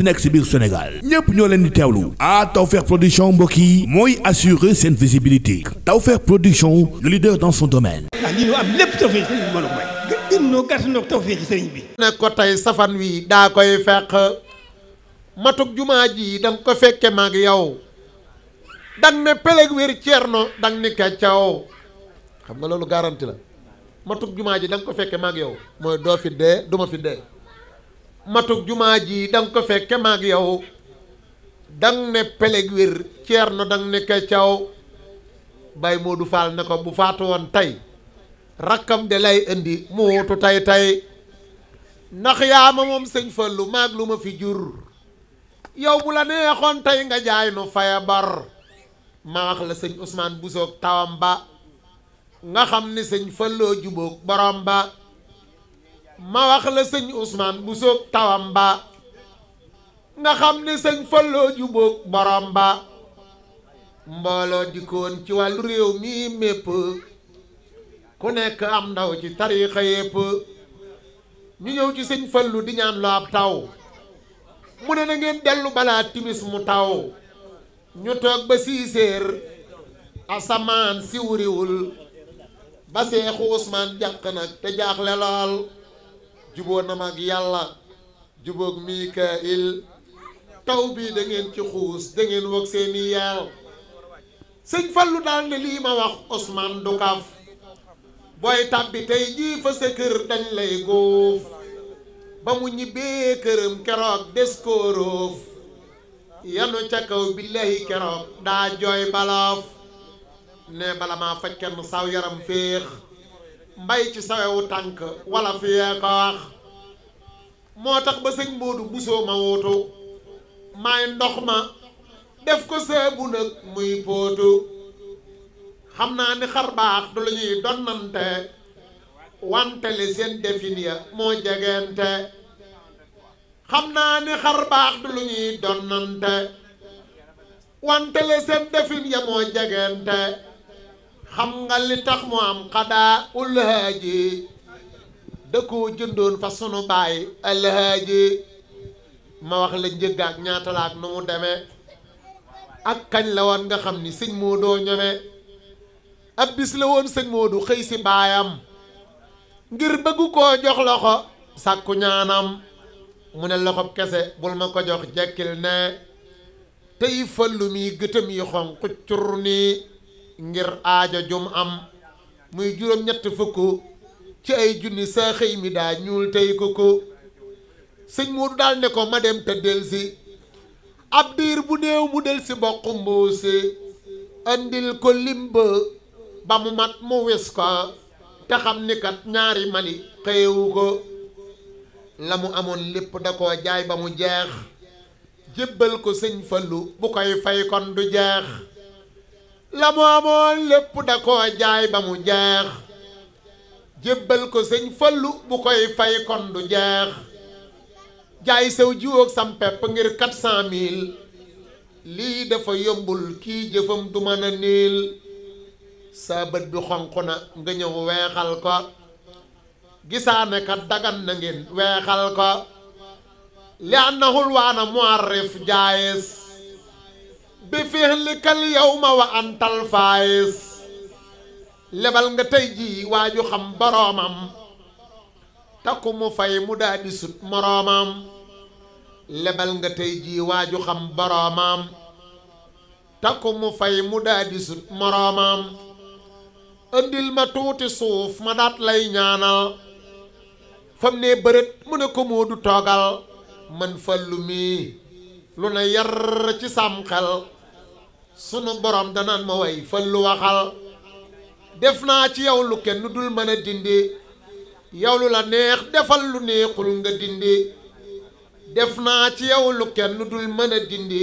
munti nekk si biir Sénégal ñépp ñoo leen di teewlu ah Tawfekh production mbokk yi mooy assurer seen visibilité Tawfekh production le leader dans son domaine ah, ne ko tey safan wi daa koy fekk matuk jumaa ji danga ko fekke maag yow dang ne peleg wér ceerno dang ne keccaw xam nga loolu garanti la matuk jumaa ji danga ko fekke maag yow mooy doo fi duma fi matuk jumaa ji da nga ko fekke maag yow dang ne peleg wér ceerno dang ne ke caw bay Moodu Faal na ko bu faatu woon tey rakkam de lay indi mu wutu tey tey ndax yaa ma moom sëñ Fallu maag lu ma fi jur yow bu la neexoon tey nga jaay nu faya bar ma wax la sëñ Ousmane Bousso tawam ba nga xam ni sëñ Falloo juboog borom ba ma wax la sëñ Ousmane bu soog tawam ba nga xam ne sëñ Fallou jubóog borom ba mbooloo dikkoon ci wàllu réew mi mépp ku nekk am ndaw ci tariixa yépp ñu ñëw ci sëñ Fallou di ñaan lu ab taw mu ne na ngeen dellu balaa timis mu taw ñu toog ba siiséer asamaan si wuriwul ba seexu Ousmane jàq nag te jaaxle lool juboo na mag yàlla juboog mikail taw bii da ngeen ci xuus da ngeen wag seeni yaal sëñ Fallu daal ne lii ma wax osmaan du kaf booy tàbbi tey jii sa kër dañ lay góof ba mu ñibbee këram keroog des koo roof ca kaw billahi keroog daa jooy baloof ne bala maa faj kenn saw yaram féex mbay ci sawewu tànk wala fi yee ko wax moo tax ba sëñ Moodu busoo ma wuutu maay ndox ma def ko seebu nag muy póotu xam naa ni xar baax du lu ñuy donnante wante li seen defin ya moo jegente xam naa ni xar baax du lu ñuy donnante wante li seen defin ya moo jegente xam nga li tax mu am xadaa ulhaaji da koo jëndoon fa sunu baay alhaaji ma wax la njëg ak ñaata nu mu demee ak kañ la woon nga xam ni sëñ moo doo ñeme ab bis la woon sëñ moo du xëy si baayam ngir bëggu koo jox loxo sàkku ñaanam mu ne loxo kese bul ma ko jox jekkil ne tey fëllu mi gëtëm yi xonq cur nii ngir aajo jum am muy juróom-ñett fukk ci ay junni saa xëy ñuul tey ko ko sëñ Moodu daal ne ko ma dem te delsi ab diir bu néew mu delsi bokk mbuusi andil ko limba ba mu mat mu wis ko te ni kat ñaari mali xëyewu ko la mu amoon lépp da ko jaay ba mu jeex jébbal ko sëñ Fallu bu koy fay kon du jeex la mu amoon lépp da koo jaay ba mu jeex jébbal ko sëñ Fallu bu koy fay kon du jeex jaay sew jiwoog sampe pepp ngir quatre cent mille lii dafa yombul kii jëfam du mën a niil sa bët bi xonq na nga ñëw weexal ko gisaane kat na ngeen weexal ko li annahul waana muarrif jaayis bi fi'likal yawma wa antal faayis lebal nga tey jii waaju xam boroomam takku mu fay mu daadi sut moroomam lebal nga tey jii waaju xam boroomam takku mu fay mu daadi sut moroomam andil ma tuuti suuf ma daat lay ñaanal fam ne bërét mu ne ko moodu toogal man fàllu mii lu na yar ci sam sunu borom danaan ma way lu waxal def naa ci yow lu kenn dul mën a dindi yow lu la neex defal lu neexul nga dindi def naa ci yow lu kenn dul mën a dindi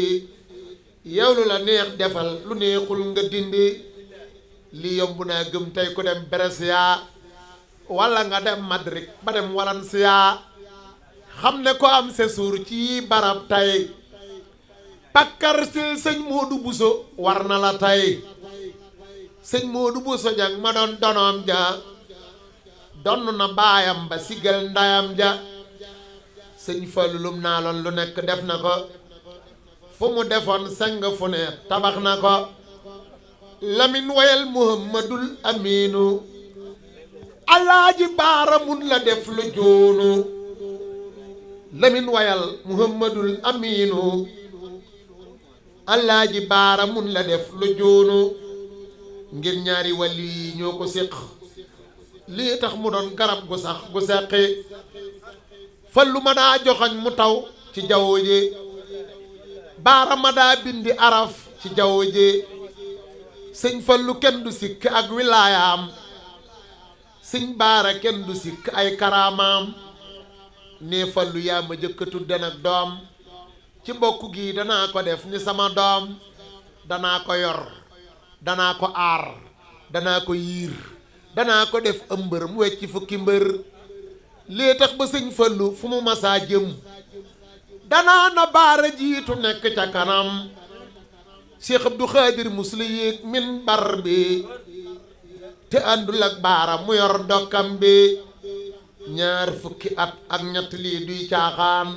yow lu la neex defal lu neexul nga dindi li yomb naa gëm tey ku dem Brescia walla nga dem Madrid ba dem Valencia xam ne ko am séjour ci barab tey pàkkar sëñ Modou Bousso war na la tey sëñ Modou Bousso jang ma doon donoom ja donn na baayam ba sigal ndayam ja sëñ Fallu lum naa loon lu nekk def na ko fu mu defoon sang fu ne tabax na ko lamin wayal muhammadul aminu alaaji baaramun la def lu joonu lamin wayal muhammadul aminu allaaji baara mun la def lu joonu ngir ñaari wàlli yi ñoo ko séq lii tax mu doon garab gu sax gu sàqi fa lu ma daa joxañ mu taw ci jaww ji baara ma daa bindi araf ci jaww ji sëñ fallu kenn du sikk ak wilaayaam sëñ baara kenn du sikk ay karaamaam ne fallu yaa ma jëkka tudde nag doom ci mbokk gi danaa ko def ni sama doom danaa ko yor danaa ko aar danaa ko yiir danaa ko def ëmbër mu wecc fukki mbër lii tax ba sëñ Fallu fu mu masaa jëm danaa na baara jiitu nekk ca kanam Cheikh Abdou Khadir musli yéeg min bar bi te àndul ak baara mu yor dokkam bi ñaar fukki at ak ñett lii duy caaxaan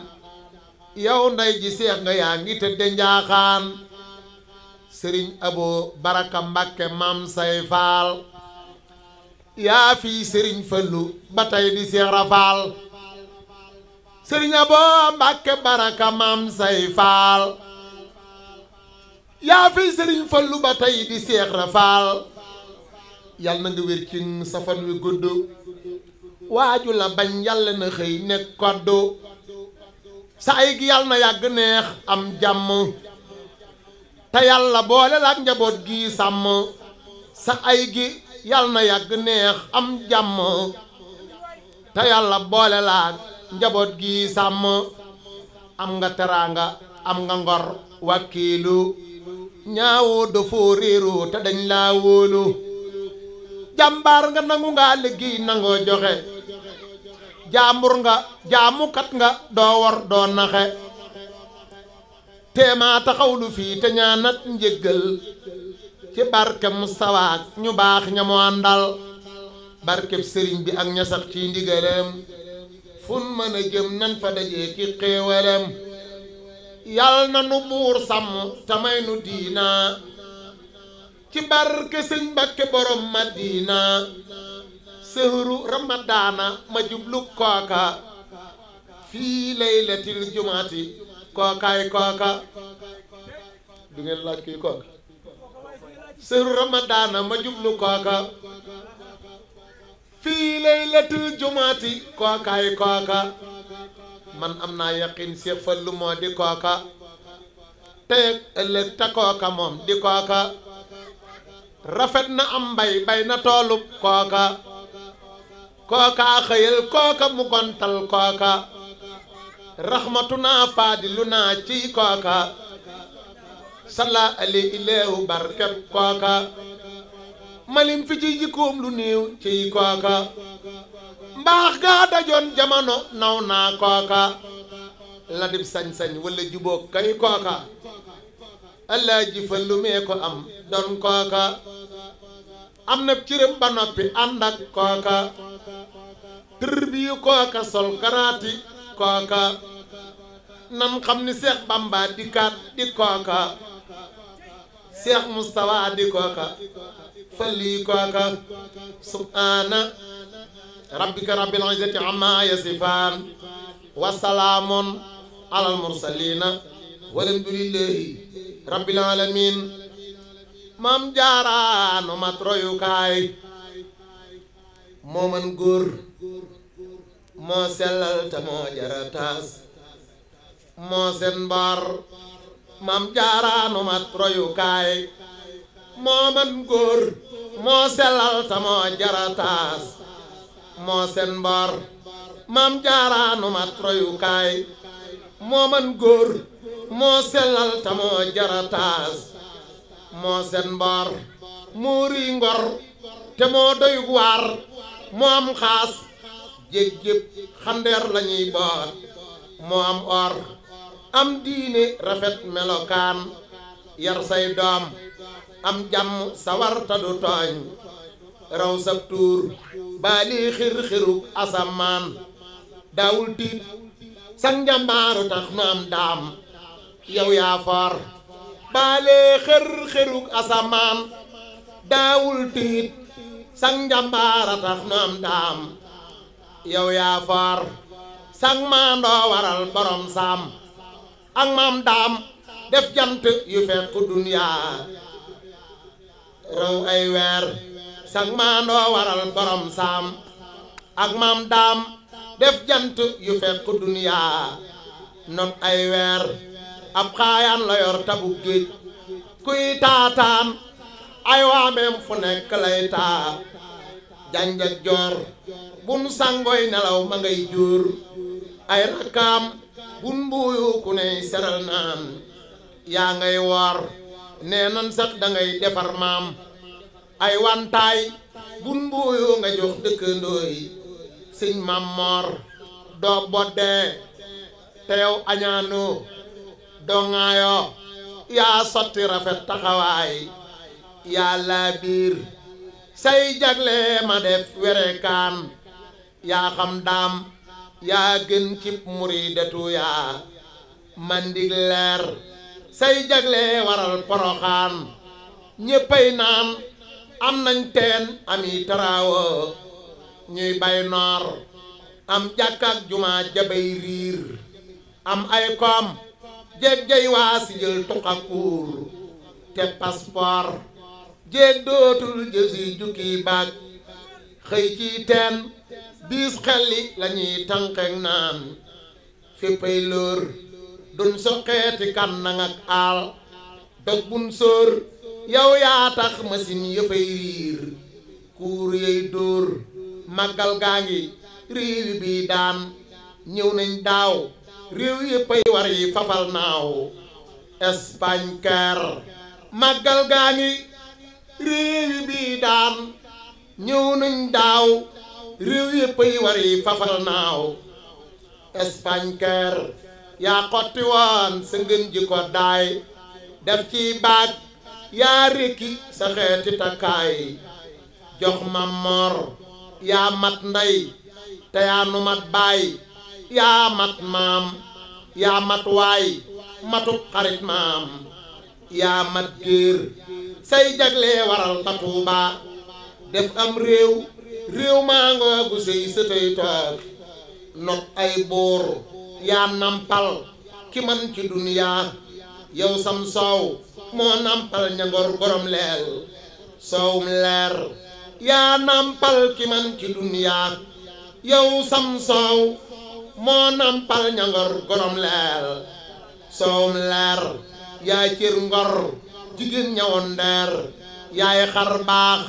yow ndey ji seex nga yaa ngi tëdde njaaxaan sëriñ abo baraka mbàkke maam say faal yaa fii sëriñ fëllu ba tey di seex rafaal sëriñ abo mbàkke baraka maam say faal yaa fii sëriñ fëllu ba tey di seex rafaal yàlla na nga wér ci safan wi gudd waaju la bañ yàlla na xëy ne koddu sa ay gi yàlla na yàgg neex am jàmm te yàlla boole la njaboot gi sàmm sa ay gi yàlla na yàgg neex am jàmm te yàlla boole la njaboot gi sàmm am nga teraanga am nga ngor wàkkiilu ñaawoo dafoo réeru te dañ laa wóolu jàmbaar nga nangu ngaa liggéey nangoo joxe jaambur nga jaamukat nga doo wor doo naxe téemaa taxawlu fii te ñaanat njëggal ci barke mustawaak ñu baax ñamu àndal barkeb sëriñ bi ak ña sax ci fun mën a jëm nan fa dajee ci xéewalam yàlla na nu buur sàmm te nu diina ci barke sëñ Mbàkke borom Madina sëhru ramadaana ma jublu kooka fii laylatil jumaati jumaati kookaay kooka man am naa yaqin si fëllu moo di kooka tey ëllëg te kooka moom di kooka rafet na am mbay bay na toolub kooka kooka xëyal kooka mu gontal kooka raxmatu naa faadilu naa ciy kooka salla ali ileewu barkeb kooka malim fi ci jikkoom lu néew ciy kooka mbaax gaa dajoon jamono naw naa kooka la sañ-sañ wala jubóog kay kooka allah fa lu mee ko am doon kooka am na cëram ba noppi ànd ak kooka tërbiyu sol karaati kooka nan xam ni seex bamba di kooka seex mustawa kooka fëlii kooka subhaana rabbika rabbil izzati amma yasifaan wa salaamun alal mursaliina walhamdulillahi rabbil aalamiin maam jaara nu mat royukaay moo man góor moo sellal te moo jara taas moo seen mbaar maam jaara nu mat royukaay moo man góor moo sellal te moo jara taas moo seen mbaar maam jaara nu mat royukaay moo man góor moo sellal te moo jara taas moo seen mboor moo rii ngor te moo doy waar moo am xaas jégjéb xandeer lañuy boot moo am or am diine rafet melokaan yar say doom am jàmm sawarta tooñ raw sab tuur baalii xir-xirug asamaan daawul tiit sang njàmbaaru tax nu am daam yow yaa foor baalee xër-xërug asamaan daawul tiit sang njàmbaara tax nu am daam yow yaa foor sang maandoo waral borom saam ak maam daam def jant yu fekk raw ay weer sang maandoo waral borom saam ak maam daam def jant yu fekk dunyaa ay weer am xaayaan la yor tabu géej kuy taataan ay waameem fu nekk lay taa janja bun sangoy nelaw ma ngay jur ay rakkaam bun mbuuyu ku ney seral naan yaa ngay woor nee nan dangay defar maam ay wantaay bun mbuuyu nga jox dëkkandoo yi sëñ doo boddee te yow dongaayoo yaa sotti rafet taxawaay yaa laa say jagle ma def werekaan yaa xam daam yaa gën cib muridatu yaa mandig leer say jagle waral poroxaan ñéppay naan am nañ teen ami taraawo ñuy bay noor am jàkkaak jumaa jabay am ay koom jéggey waa si jël tuqakuur te passeport jéeg dootul jësi jukki baag xëy ci teen biis xelli lañuy tànqeeg naan féppay lóor dun soqeeti kànnang ak aal dog bun sóor yow yaa tax masin yëfay riir kuur yey dóor màggal gaa ngi riir bi daan ñëw nañ daaw réew yéppay war yi fafal naaw Espagne ker màggal gaa ngi réew yi bii daan ñëw nuñ daaw réew yéppay war yi fafal naaw yaa xotti woon ji ko daay def ci baag yaa rékki sa xeeti jox ma mor yaa mat ndey te mat baay yaa mat maam yaa mat waay matuk xarit maam yaa mat géer say jaglee waral ba Tuuba def am réew réew maa ngoogu sëy sëtëy toog ay buur yaa nampal ki man ci duniyaa yow sam soow moo nampal ñangor borom soowum leer yaa nampal ki man ci duniyaa yow sam soow moo nampal ñangor gorom leer soom leer yaay cër ngor jigéen ñawoon ndeer yaay xar baax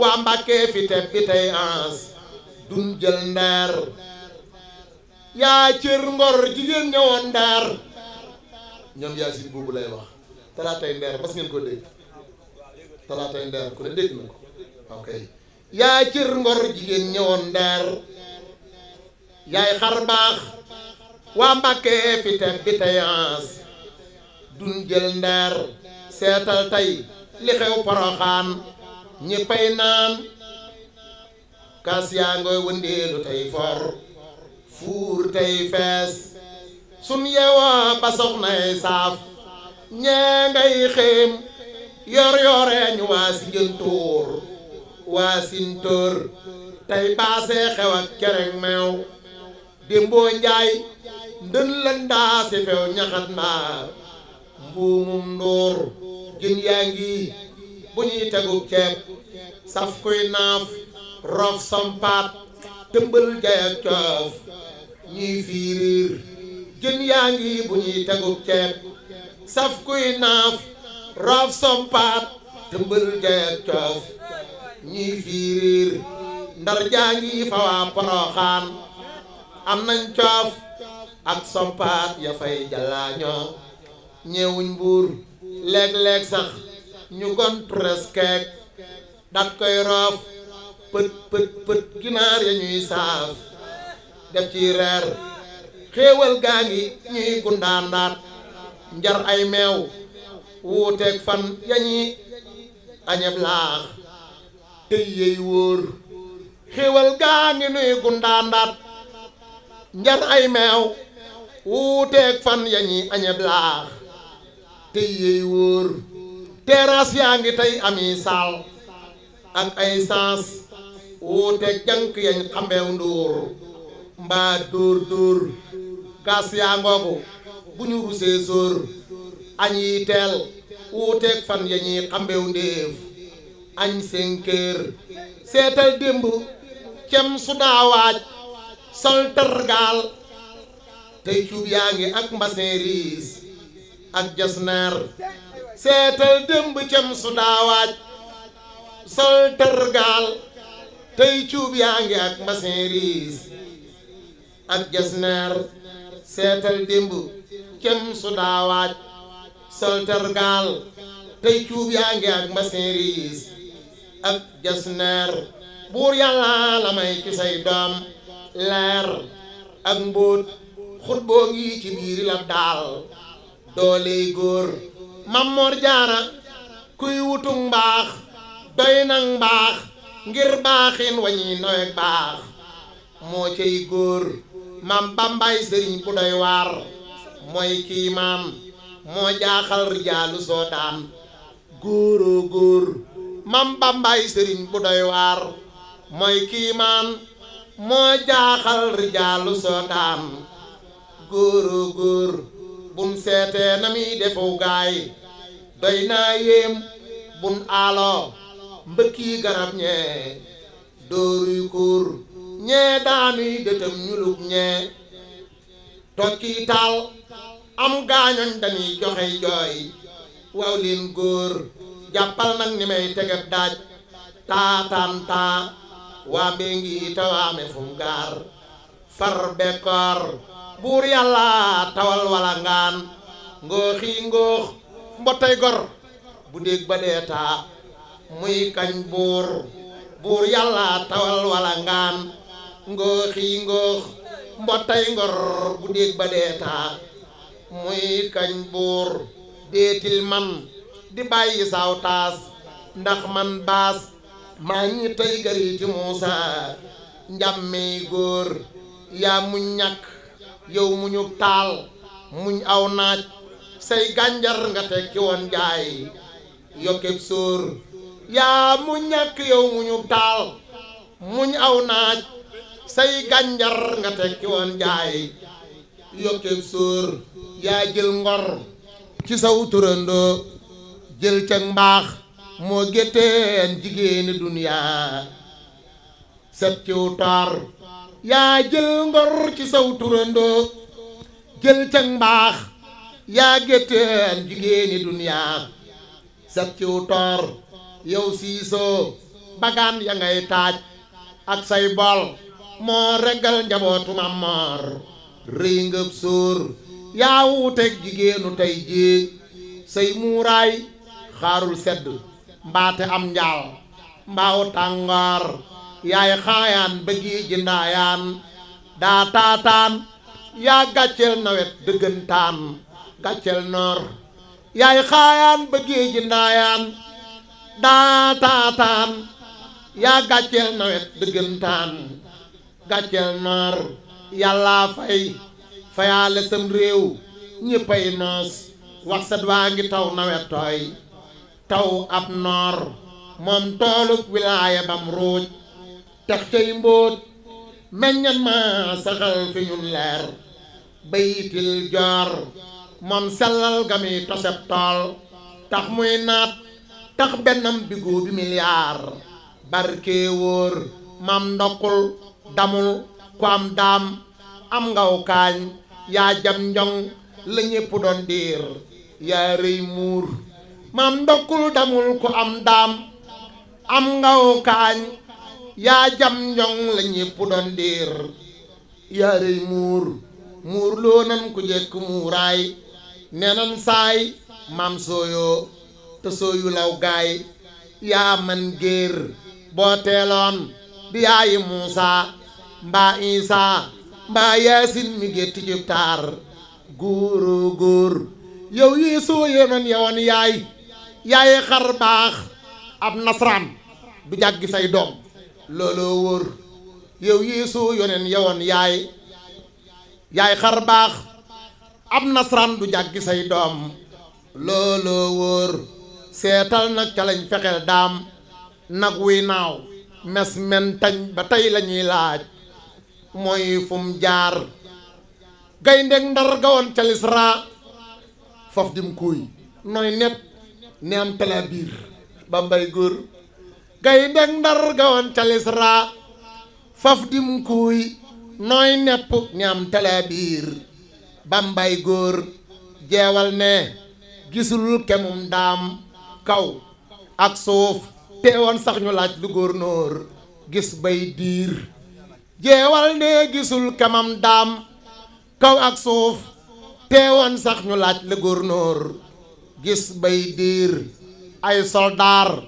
waa mbàkkee fi te bi tey ans dun jël ndeer yaay cër ngor jigéen ñawoon ndeer ñoom yaay sin boobu lay wax talaatay ndeer mas ngeen ko dégg talaatay ndeer ku ne dégg na ko ok yaay cër ngor jigéen ñawoon ndeer yaay xar baax waa Mbàkke fi tem bi tayans dun jël ndeer seetal tey li xew poroxaan ñéppay naan kaas yaa ngoy wëndeelu tey for fuur tey fees sun yeewoo ba soxnay saaf ñee ngay xéem yor waa si jëntuur waa sintóor tey baasee xew ak meew démboo njaay ndën la ndaase ñaxat mbaar mbuumum nduur jën yaa ngi bu ñuy tegu ceeb saf kuy naaf roof sompaat tëmbal jay coof ñuy fiiriir jën yaa ngi bu ñuy tegu ceeb saf kuy naaf roof sompaat tëmbal jay coof ñuy fiiriir ndar jaa ngi fa waa poroxaan am nañ coof ak sompaat ya fay jalaañoo ñëwuñ buur léeg-léeg sax ñu gon preskeek dat koy roof pët pët pët ginaar ya ñuy saaf def ci reer xéewal gaa ngi ñuy gundaandaat njar ay meew wuuteeg fan ya ñuy añeb laax tey yey wóor xéewal gaa ngi nuy gundaandaat njar ay meew wuuteeg fan ya ñuy añeb laax te yeey wóor terrasse yaa ngi tey ami saal ak ay sens wuuteeg jànk yañ xambeew ndóor mbaa dóor dóor gas yaa ngoogu bu ñu rusee sóor añ yi teel wuuteeg fan ya ñuy xambeew ndéef añ seen kër seetal démb cem su daa sol tërgaal tey cuub yaa ngi ak mbaseeriis ak jasneer seetal démb cem su daawaaj sol tey cuub yaa ngi ak mbaseeriis ak jasneer seetal démb cem su daawaaj sol tey cuub yaa ngi ak mbaseeriis ak jasneer buur yàlla ci say doom leer ak mbóot xut ngi ci biir la daal dooley góor mammoor jaara kuy wutum mbaax doy nag mbaax ngir baaxin wañuy nowe baax moo cay góor maam bambay sëriñ bu doy waar mooy kii moo jaaxal rijaalu soo daan góor maam bambay sëriñ bu doy waar mooy kii moo jaaxal rijaalu sootaan góoroo góor bun seetee na muy defu gaay doy naa yéem bun aaloo mbëkki garab ñee dóoruy kuur ñee daanuy dëtëm ñulug ñee tokki taal am gaañoñ dañuy joxey jooy waaw góor jàppal nag ni may tegeb daaj taataan taa waambe ngi tawaame fum gaar far bekkoor buur yàlla tawal wala ngaan ngooxi ngoox mbottay gor bu dégg ba deetaa muy kañ buur buur yàlla tawal wala ngaan ngooxi ngoox mbottay ngor bu dégg ba deetaa muy kañ buur déetil man di bàyyi saaw taas ndax man baas maa ngi tey gariti Muusa njàmmey góor yaa muñ ñàkk yow muñu taal muñ aw naaj say gànjar nga tekki woon jaay yokkeb sóor yaa mu ñàkk yow muñu taal muñ aw naaj say gànjar nga tekki woon jaay yokkeb sóor yaa jël ngor ci saw turandoo jël cag mbaax moo gétteen jigéeni duniyaa set ciw taar yaa jël ngor ci saw turandoo jël cag mbaax yaa gétteen jigéeni duniyaa set ciw taar yow siisoo bagaan ya ngay taaj ak say bol moo reggal njabootu mammoor rëy ngëb sóor yaa wuuteeg jigéenu tey jii say muuraay xaarul sedd mbaate am njaal mbaaw tàngoor yaay xaayaan bëggi jindaayaan daa taataan yaa gàcceel nawet dëggantaan gàcceel noor yaay xaayaan bëggi jindaayaan daa taataan yaa gàcceel nawet dëggantaan gàcceel noor yàllaa fay fayaale sam réew ñéppay noos wax waa ngi taw nawet tooy taw ab noor moom toolub wilaaya bam ruuj tax cay mbóot meññan ma saxal fi ñun leer bayitil joor moom sellal ga toseb tool tax muy naat tax bennam bigoo bi milliard barke wóor mam ndokul damul ku am daam am ngaw kaañ yaa jam njong la ñépp doon diir yaa rëy muur maam ndokkul damul ku am daam am ngaw kaañ yaa jam njong la ñépp doon diir yaa rëy muur muur loo nan ku jekk muuraay nenan saay maam sooyoo te sooyu law gaay yaa man géer boo teeloon di yaayi muusaa mbaa isaa mbaa yaasin mi gétti jub taar góoroo góor yow yéesoo yoonan yowoon yaay yaay xar baax ab nasraan du jàggi say doom looloo wóor yow Yeesu yoneen yowoon yaay yaay xar baax ab nasaraan du jàggi say doom looloo wóor seetal nag ca lañ fexeel daam nag wuy naaw mes mentañ ba tey lañuy laaj mooy fum jaar gaynde ndar gawoon ca lisra faf dim kuuy nooy nepp ne am talaa biir bambay góor gaynde ndar gawoon calis raa faf dim kuuy nooy nepp ne am talaa biir bambay góor jeewal ne gisul kemum daam kaw ak suuf teewoon sax ñu laaj lu góor nóor gis bay diir jeewal ne gisul kemam daam kaw ak suuf teewoon sax ñu laaj lu góor nóor gis bay diir ay soldaar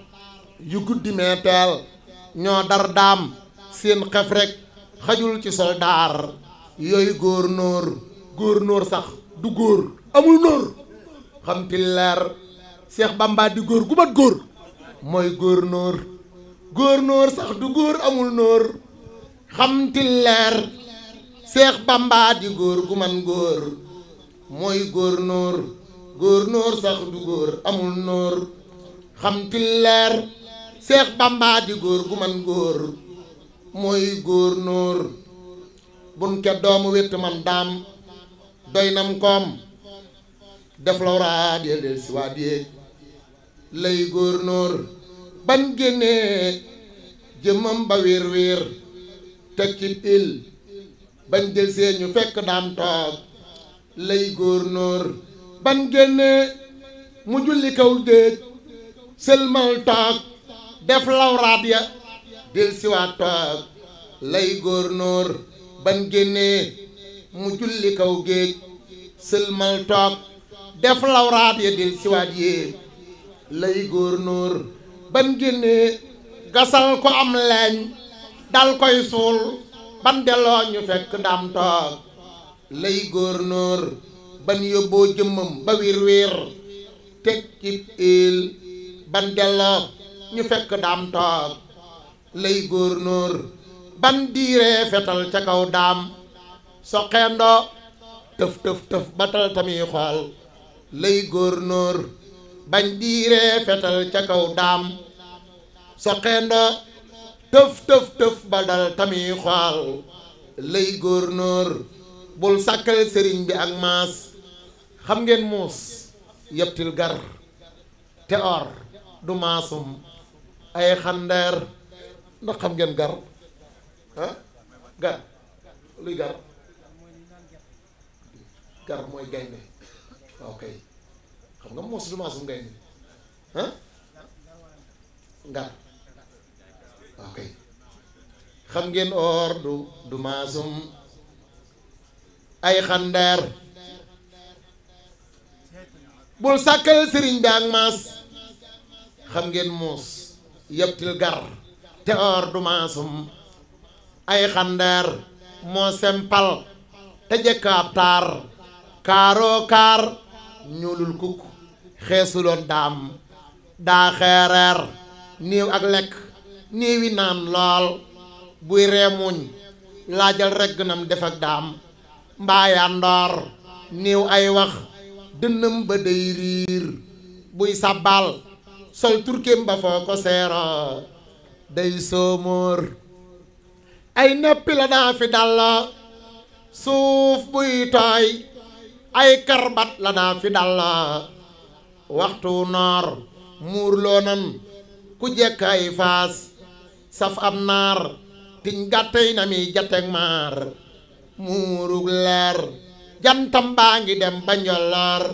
yu guddi mee ñoo dar daam seen xef rek xajul ci soldaar yooyu góor nóor góor nóor sax du góor amul nóor xam ti Seex Bamba góor gu mat góor mooy góor nóor góor nóor sax du góor amul nóor xam ti leer Seex Bamba góor gu man góor mooy góor nóor góor nóor sax góor amul nóor xam ti leer seex bàmbaa góor gu man góor mooy góor nóor bun ke doomu wétt man daam doy nam koom def la waraat lay góor nóor ban génnee jëmmam ba wiir wiir teg ci il bañ jël see ñu fekk daam toog lay góor nóor ban génnee mu julli kaw déeg sëlmal toog def lawraat ya dil toog lay góor nóor ban génnee mu julli kaw géej sëlmal toog def lawraat ya dil siwaat lay góor nóor ban génnee gasal ko am leeñ dal koy suul ban delloo ñu fekk ndam toog lay góor nóor ban yóbboo jëmmam ba wir wiir teg ci iil ban delloo ñu fekk daam toog lay góornóor ban diiree fetal ca kaw daam soqeendoo tëf tëf tëf batal tamit xool lay góornóor bañ ca kaw daam soqeendoo tëf tëf tëf bul sàkkal sëriñ bi ak maas xam ngeen muus yebtil gar te or du maasum ay xandeer ndax xam ngeen gar gar luy gar gar mooy gaynde waaw kay xam nga muus du maasum gaynde ah ngar waaw xam ngeen or du du maasum ay xandeer bul sàkkal sëriñ bi ak maas xam ngeen muus yëptil gar te or du maasum ay xandeer moo sempal te jekk ab taar kaaroo kaar ñuulul kukk xeesuloon daam daa xeereer niiw ak lekk niiwi naan lool buy reemuñ laajal regg nam def ak daam mbaayandoor niiw ay wax dënnam ba day riir buy sàbbaal sol turkeem ba foo ko seera day soomóor ay neppi la daa fi dalla suuf buy tooy ay karbat la daa fi dalla waxtu noor muur loonan ku jekk ay faas saf am naar tiñ gàttey na mi jateeg maar muurug leer jantam baa ngi dem ba njolloor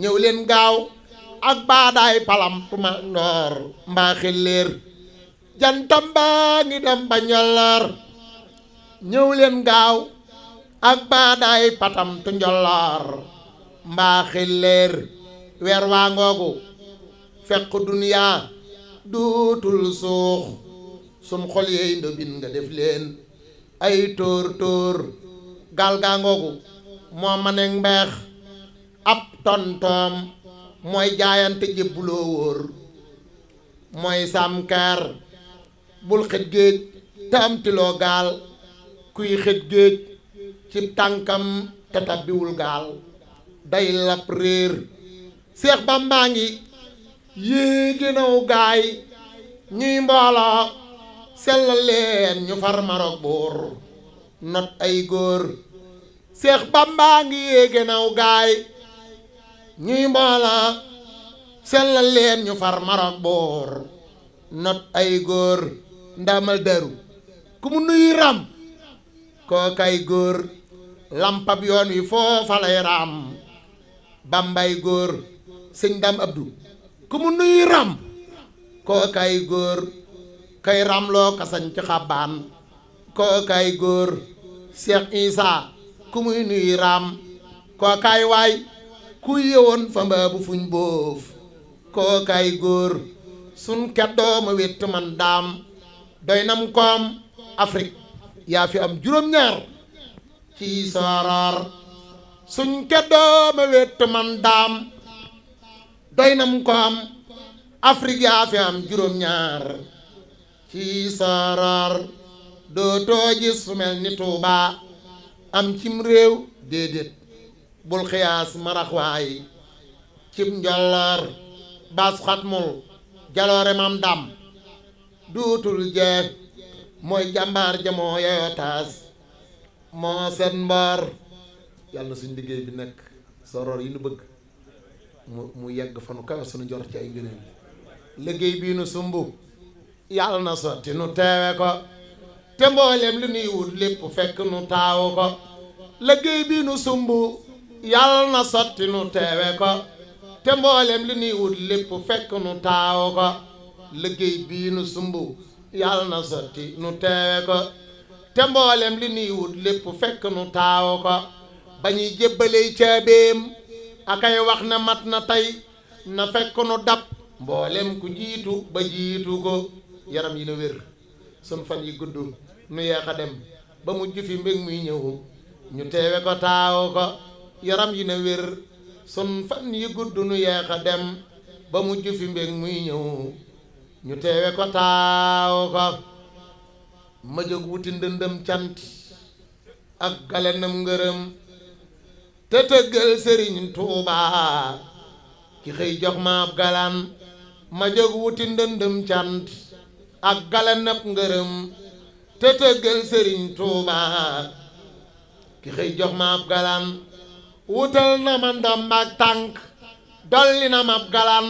ñëw leen gaaw ak baadaay palam tuma ndoor mbaa xelleer jantam baa ngi dem ba njolloor ñëw leen gaaw ak baadaay patam tu njolloor mbaa xelleer weer waa ngoogu fekk duniyaa duutul suux sun xol yeey ndobin nga def leen ay tóor tóor gaal gaa ngoogu moo ma mbeex ab tontoom mooy jaayante jébbuloo wóor mooy sàmkeer bul xëj géej te gaal kuy xëj géej ci tànkam te tabbiwul gaal day lap réer seex bambaa ngi yéegi naw gaay ñuy mbooloo sellal leen ñu far marok buur not ay góor seex bambaa ngi yéege naw gaay ñuy mboola sellal leen ñu far marok boor not ay góor ndamal daru ku mu nuy ram koo kay góor lampab yoon wi foofa lay ram bambay góor sëñ dam abdu ku mu nuy ram koo kay góor kay ramloo kasañ ci xabaan koo kay góor seex isaa ku muy nuy raam kookaay waay ku yewoon fa mbaabu fuñ boof kookaay góor sun keddoo ma wétt man daam doy koom Afrique yaa fi am juróom-ñaar ci sooroor suñ keddoo ma wétt man daam doy koom Afrique yaa fi am juróom-ñaar ci sooroor dootoo gis su mel ni Tuubaa am cim réew déedéet bul xiyaas maraxwaay cim njolloor baas xatmul jaloore mam dam duutul jeex mooy jàmbaar ja moo yeyoo taas moo seen mboor yàlla na suñ liggéey bi nekk soror yi nu bëgg mu mu yegg fa nu kawe suñu jor ci ay ngëneel liggéey bii nu sumb yàlla na sotti nu teewe ko te mboolem li nuy wut lépp fekk nu taawu ko liggéey bi nu sumb yàlla na sotti nu teewe ko te mboolem li nuy wut lépp fekk nu taawu ko liggéey bii nu sumb yàlla na sotti nu teewe ko te mboolem li nuy wut lépp fekk nu taawu ko ba ñuy jébbaley caabeem akay wax na mat na tey na fekk nu dab mboolem ku jiitu ba jiitu ko yaram yi na wér sun fan yi gudd nu yeex dem ba mu jufi mbég muy ñëwum ñu teewe ko taaw ko yaram yi ne wér sun fan yi gudd nu yeex dem ba mu jufi mbég muy ñëw ñu teewe ko taaw ko ma jóg wuti ndëndëm cant ak galenam ngërëm te tëggal sëriñ Tuuba ki xëy jox ma ab galan ma jóg wuti ndëndëm cant ak galenam ngërëm te tëggal sëriñ Tuuba ki xëy jox ma ab galaan wutal na ma ndomb ak tànk dolli na ma ab galaan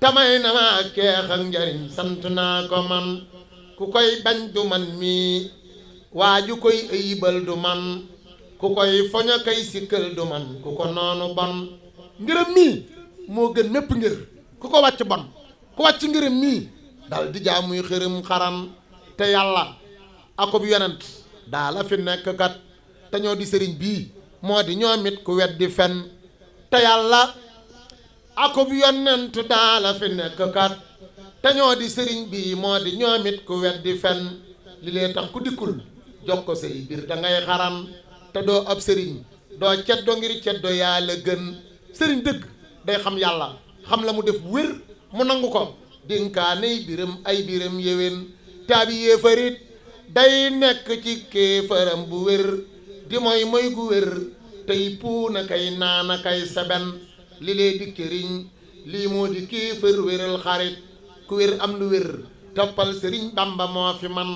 tamay na ma ak keex ak njariñ sant naa ko man ku koy bañ du man mii waa ju koy ëyibal du man ku koy foña koy sikkal du man ku ko noonu bon ngërëm mii moo gën mépp ngir ku ko wàcc bon ku wàcc ngërëm mii dal di jaamuy xërëm xaram te yàlla akub yonent daa la fi nekk kat te ñoo di sëriñ bii moo di ñoom it ku weddi fen te yàlla akub yonent daa la fi nekk kat te ñoo di sëriñ bii moo di ñoom it ku weddi fen li lee tax ku dikkul jox ko say biir da xaram te doo ab sëriñ doo ceddo ngir ceddo yaa la gën sëriñ dëgg day xam yàlla xam la mu def wér mu nangu ko dénkaanay biram ay biram yéwén taabi yéefarit day nekk ci kéefëram bu wér di mooy mooy gu wér tey puuna kay naana kay seben li lee di këriñ lii moo di kéefër wéral xarit ku wér am lu wér toppal sëriñ bamba moo fi man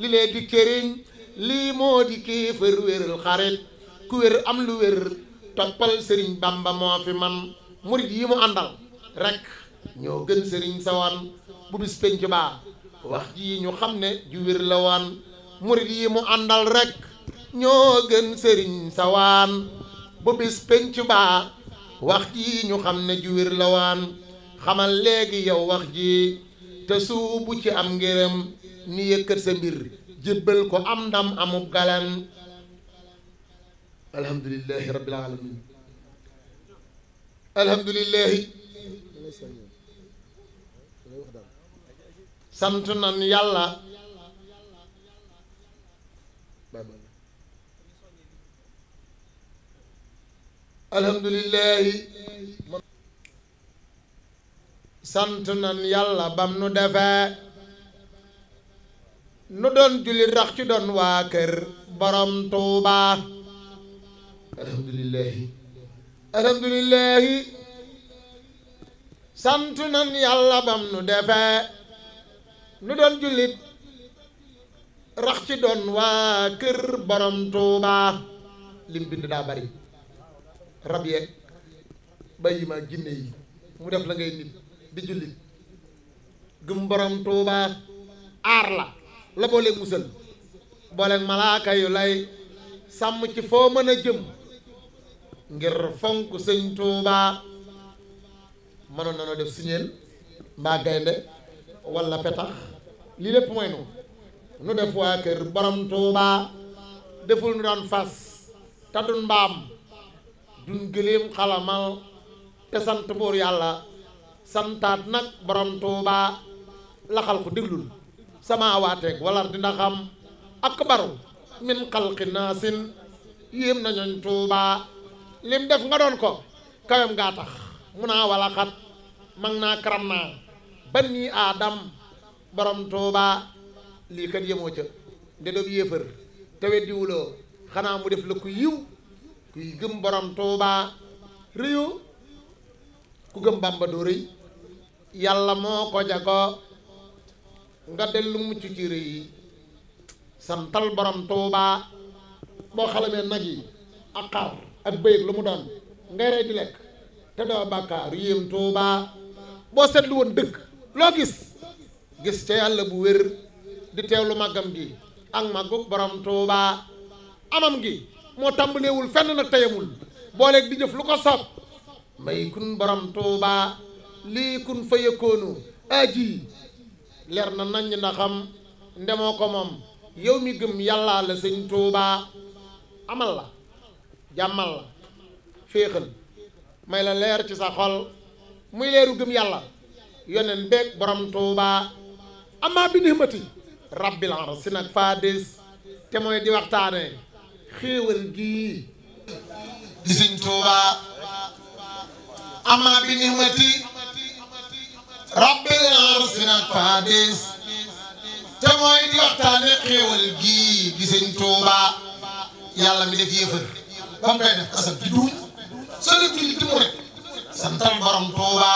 li lee di këriñ lii moo di kéefër wéral xarit ku wér am lu wér toppal sëriñ bamba moo fi man murit yi mu àndal rekk ñoo gën sëriñ sawan bu bis penc baa wax ji ñu xam ne ju wér la waan murit yi mu àndal rekk ñoo gën sëriñ sa waan bu bis penc baa wax ji ñu xam ne ju wér la waan xamal léegi yow wax ji te suubu ci am ngërëm ni yëkkat sa mbir jébbal ko am ndam amub galan alhamdulillahi sant na yàlla alhamdulillahi yàlla bam nu defee nu doon jullit rax ci doon waa kër borom tuuba alhamdulillahi alhamdulillahi sant nan yàlla bam nu defee nu doon jullit rax ci doon waa kër borom Touba lim bind daa bari rab yeeg bàyyi ma jinne yi mu def la ngay nit di jullit gëm borom Touba aar la la booleeg musal booleeg malaaka yu lay sàmm ci foo mën a jëm ngir fonk sëñ Touba mënoon na def siñeel mbaa gaynde walla petax lii lépp mooy nu nu def waa kër borom Tuuba deful nu daan fas te dun mbaam dun gëléem xalamal te sant buur yàlla santaat nag borom Tuuba laxal ko déglul sama waateeg walar dina xam ak baru min xalqi naasin yéem nañoñ Tuuba lim def nga doon ko kawem gaa tax mun naa wala xat mag naa karam naa banni aadam borom tuuba lii kat yemoo ca nde doob yéefar te weddiwuloo xanaa mu def la ku yiw kuy gëm borom tuuba réyoo ku gëm bàmba doo rëy yàlla moo ko jago nga dellu mucc ci rëy yi santal borom tuuba boo xalamee nag yi ak xaar ak bëyëg lu mu doon ngay rey di lekk te doo bàkkaar yéem tuuba boo seetlu woon dëkk loo gis gis ca yàlla bu wér di teewlu màggam gi ak màggug borom tuuba amam gi moo tàmbaleewul fenn nag tayamul booleeg di jëf lu ko soob may kun borom tuuba lii kun fa yëkkoonu aji leer na naññ na ndemoo ko moom yow mi gëm yàllaa la sëñ tuuba amal la jàmmal la féexal may la leer ci sa xol muy leeru gëm yàlla yonen beeg borom tuuba ama bi nihmati rabbil arsi nag faadis te mooy di waxtaane xéewal te mooy di waxtaane xéewal gii di sëñ tuuba yàlla mi def yëfër ba mu koy def asab ji duum sële tuuti mu rek santal borom tuuba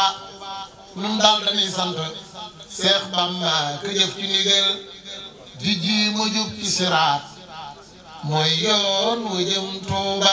ñun daal dañuy sant Seex Bamba ka jëf ci ndigal ji mu jub ci siraat mooy yoon wu jëm Tuuba.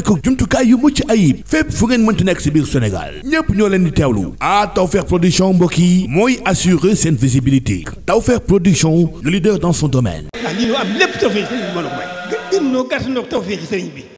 boole jumtukaay yu mucc ayib fépp fu ngeen mënti nekk si biir Sénégal ñépp ñoo leen di teewlu ah Tawfekh production mbokk yi mooy assurer seen visibilité Tawfekh production le leader dans son domaine. ah lii am lépp Tawfekh sëriñ bi mën a may. gën noo gàtt noo Tawfekh sëriñ bi.